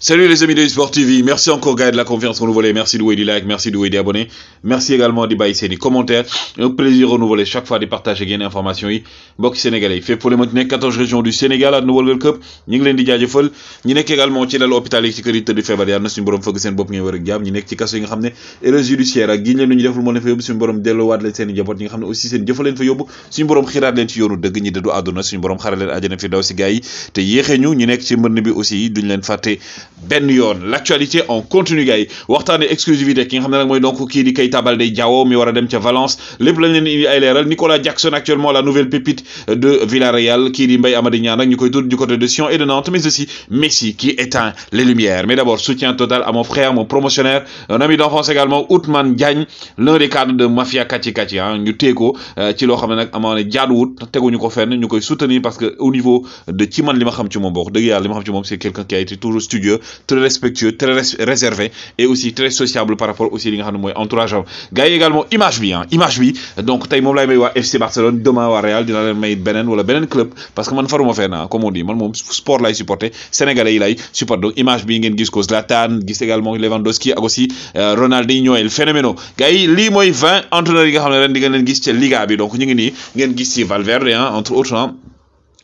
Salut les amis de Sport TV, merci encore gars de la confiance renouvelée, merci de vous des likes, merci de vous des abonnés, merci également de baisser des commentaires, un plaisir renouvelé chaque fois de partager des informations yi mbokk sénégalais yi fépp fu leen 14 régions du Sénégal à nouveau këpp ñu ngi leen di jaajëfal ñi nekk également ci dal hôpital yi ci kër yi tëdd feebar yàlla na suñu borom fëgg seen bopp ngeen wër ak jàmm ñi nekk ci kaso yi nga xam ne erreur judiciaire ak giñ leen lu ñu deful moo leen fa yóbbu suñu borom delloowaat leen seen njaboot ñi nga xam ne aussi seen jëfa leen fa yóbbu suñu borom xiraat leen ci yoonu dëgg ñi dëddu àdduna suñu borom xara leen àjjana fi daw si gars yi te yéexee ñu ñu nekk ci mbënn bi aussi duñ leen fàtte ben yoon l'actualité en on continue gars waxtane exclusivité ki nga xam nak moy donc ki di tabal day jawo mi wara dem ci Valence lepp lañ leen indi ay Nicolas Jackson actuellement la nouvelle pépite de Villarreal ki di mbay amadou Niang nak ñukoy du côté de Sion et de Nantes mais aussi Messi qui éteint les lumières mais d'abord soutien total à mon frère mon promotionnaire un ami d'enfance également Outmane Diagne l'un des cadres de Mafia kati Kachi hein. ah ñu téko euh, ci lo xam nak amone amaa ne jaaduwut ko fenn ñukoy soutenir parce que au niveau de ci man lima xam ci mom bokk deug lima xam ci mom c'est quelqu'un qui a été toujours studieux très respectueux très réservé et aussi très sociable par rapport aussi li nga xam entourage également image bien, ah, image bien. donc tu as laay may FC Barcelone demain au Real dina leen may Benen, wala Benen club parce que man faruma fee naa ah, comme on dit man mon sport lay supporter sénégalais yi lay donc image bi ngeen gis ko Zlatan gis également Lewandowski et aussi euh, Ronaldinho el phénomène. gars yi lii mooy 20 entraîneurs yi nga xam ne ren di Liga donc ñu ngi nii Valverde ah, entre autres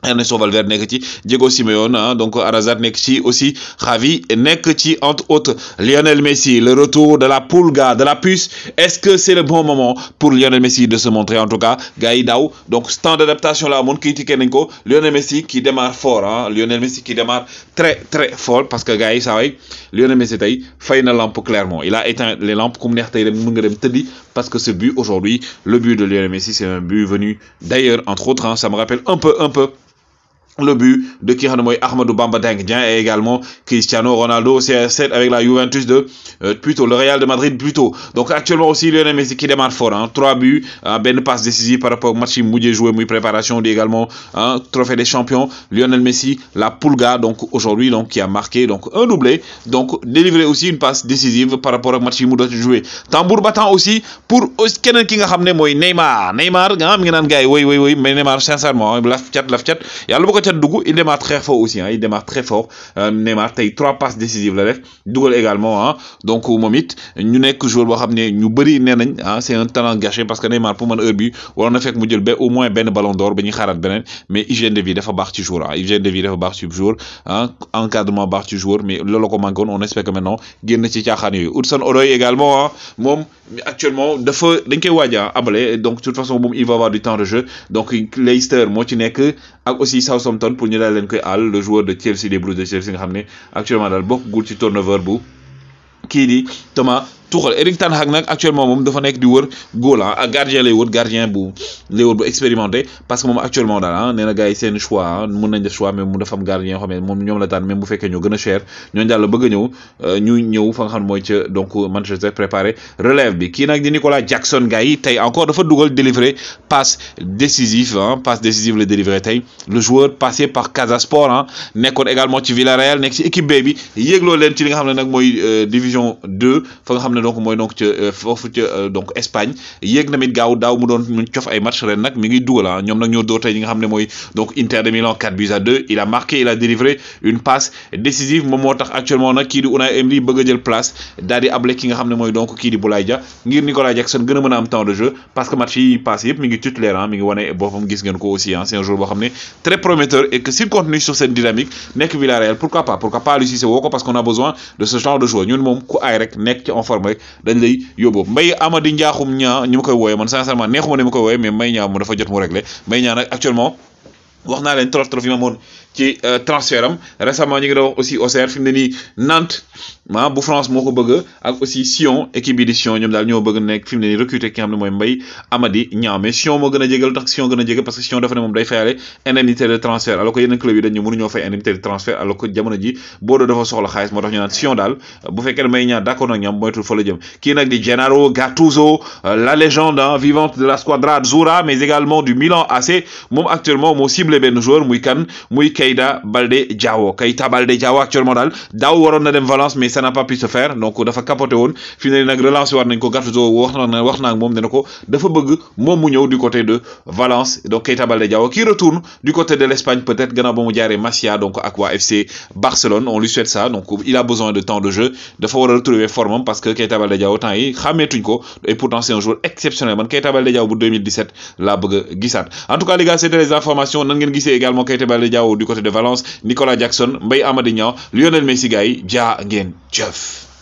Ernesto Valverde Diego Simeone ah, donc Arazar Nekoti aussi Javi, Nekoti entre autres Lionel Messi le retour de la pulga de la puce est-ce que c'est le bon moment pour Lionel Messi de se montrer en tout cas Gaïdaou, donc stand d'adaptation là, Mon critiquer Lionel Messi qui démarre fort ah, Lionel Messi qui démarre très très fort parce que Gaï, ça Lionel Messi tay fay na lampe clairement il a éteint les lampes comme neex parce que ce but aujourd'hui le but de Lionel Messi c'est un but venu d'ailleurs entre autres hein, ça me rappelle un peu un peu le but de Kiranomoy Ahmedou Bamba Dengdian et également Cristiano Ronaldo CR7 avec la Juventus de euh, plutôt le Real de Madrid plutôt donc actuellement aussi Lionel Messi qui démarre fort hein, 3 buts une hein, passe décisive par rapport au match mouillé joué une préparation dit également hein, trophée des champions Lionel Messi la Pulga donc aujourd'hui donc qui a marqué donc un doublé donc délivré aussi une passe décisive par rapport au match mouillé joué tambour battant aussi pour kenen qui nga Neymar Neymar oui oui oui, Neymar sincèrement hein, la chat la chat ca Dougou, il démarre très fort aussi hein il démarre très fort euh, Neymar tey trois passes décisives la def Dougou également hein donc euh, moom it ñu nekk joueur boo xam ñu hein, c'est un talent gâché parce que Neymar pour man heure bi waroon na fekk mu jël au moins ben ballon d'or ben il xaaraat beneen mais hygiène de vie dafa baax ci joueur ah hygiène de vie dafa baax ci joueur ah encadrement baax ci joueur mais loolu ko manqué on espère que maintenant génn ci caaxaan yooyu Hudson-Odoi également hein moom actuellement dafa dañ koy waaj a donc de toute façon il va avoir du temps de jeu donc Leicester moo ci nekk ak aussi Southampton pour ñu daal leen koy àll le joueur de Chelsea des Blues de Chelsea nga xam ne actuellement daal bokk ci turnover bu kii di Thomas Tuchel Eric Ten Hag nak actuellement mom dafa nek di wër góol ah gardien lay wër gardien bu lay wër bu expérimenté parce que mom actuellement dal hein ah, néna na gars seen choix ah mun nañ def choix mais mu dafa am gardien xamé mom ñom la tànn même bu fekkee ñoo gëna cher ñooñu daal la bëgg ñëw euh, ñu ñëw fa nga xam moy ci donc Manchester préparé relève bi ki nak di Nicolas Jackson gars tay encore dafa duggal délivrer passe décisif hein passe décisive le délivrer tay le joueur passé par Casasport hein ah, nekkoon également ci Villarreal nek ci équipe B bi yéegloo leen ci li nga xam nak moy euh, division 2 fa nga xam donc moy donc ci euh, fofu ci euh, donc Espagne yéeg namit gaaw daw mu doon cof ay match ren nak mi ngi dougal ah ñoom nag ñoo door tey ñi nga xam moy donc Inter de Milan 4 buts à 2 il a marqué il a délivré une passe décisive mo motax actuellement nak ki di Unai Emery bëgg jël place dal di ablé ki nga xam moy donc ki di Boulaye ngir Nicolas Jackson gëna mëna am temps de jeu parce que match yi pass yëpp mi ngi titulaire ah mi ngi wane bofam gis ngeen ko aussi hein c'est un joueur bo xam très prometteur et que s'il continue sur cette dynamique nek Villarreal pourquoi pas pourquoi pas Aliou Cissé woo ko parce qu'on a besoin de ce genre de joueur ñun mom ku ay rek nek ci en forme problème rek dañ lay yóbbu Mbaye Amady Ndiakhoum ñaa ñu ma koy wooyee man sincèrement neexuma ni ma koy wooyee mais Mbaye ñaa mu dafa jot mu rek Mbaye ñaa nag actuellement waxna len leen tolof tolof yi ci euh, transferam récemment ñu ngi doon wax aussi au fi mu ne Nantes ma bu France moko bëgg ak aussi Sion équipe bi di Sion ñoom daal ñoo bëgg nek fi mu recruter ki nga moy Mbay Amadi Ñamé Sion mo gëna a jégal tax Sion gëna a parce que Sion dafa ne mom day fayalé indemnité de transfert alors que yeneen club yi dañu ñoo fay indemnité de transfert alors que jamono ji bodo dafa soxla xaalis moo tax ñu naan Sion dal bu fekkee may ñaar Niang d'accord nag ñoom moytul fa la jëm ki nak di Gennaro Gattuso euh, la légende hein, vivante de la Squadra Azzurra mais également du Milan AC mom actuellement mo ciblé double benn joueur muy kan muy Keita balde Diawo Keita balde Diawo actuellement daal daw waron na dem Valence mais ça n'a pas pu se faire donc dafa capoté woon fi nak relancer nag relancé war nañ ko Gattuso wax na wax naa moom ne na ko dafa bëgg mom mu ñëw du côté de Valence donc Keita balde Diawo qui retourne du côté de l'Espagne peut-être gannaaw bon mu jaaree Masia donc ak FC Barcelone on lui souhaite ça donc il a besoin de temps de jeu dafa wara retrouver formam parce que Keita balde Diawo temps yi xàmmeetuñ ko et pourtant c'est un joueur exceptionnel man Keita Balde Diawo bu 2017 la bëgg gissat en tout cas les gars c'était les informations ngeen gisee également Keita Baldé Diao du côté de Valence Nicolas Jackson Mbaye Amady Lionel Messi jaa ngeen jëf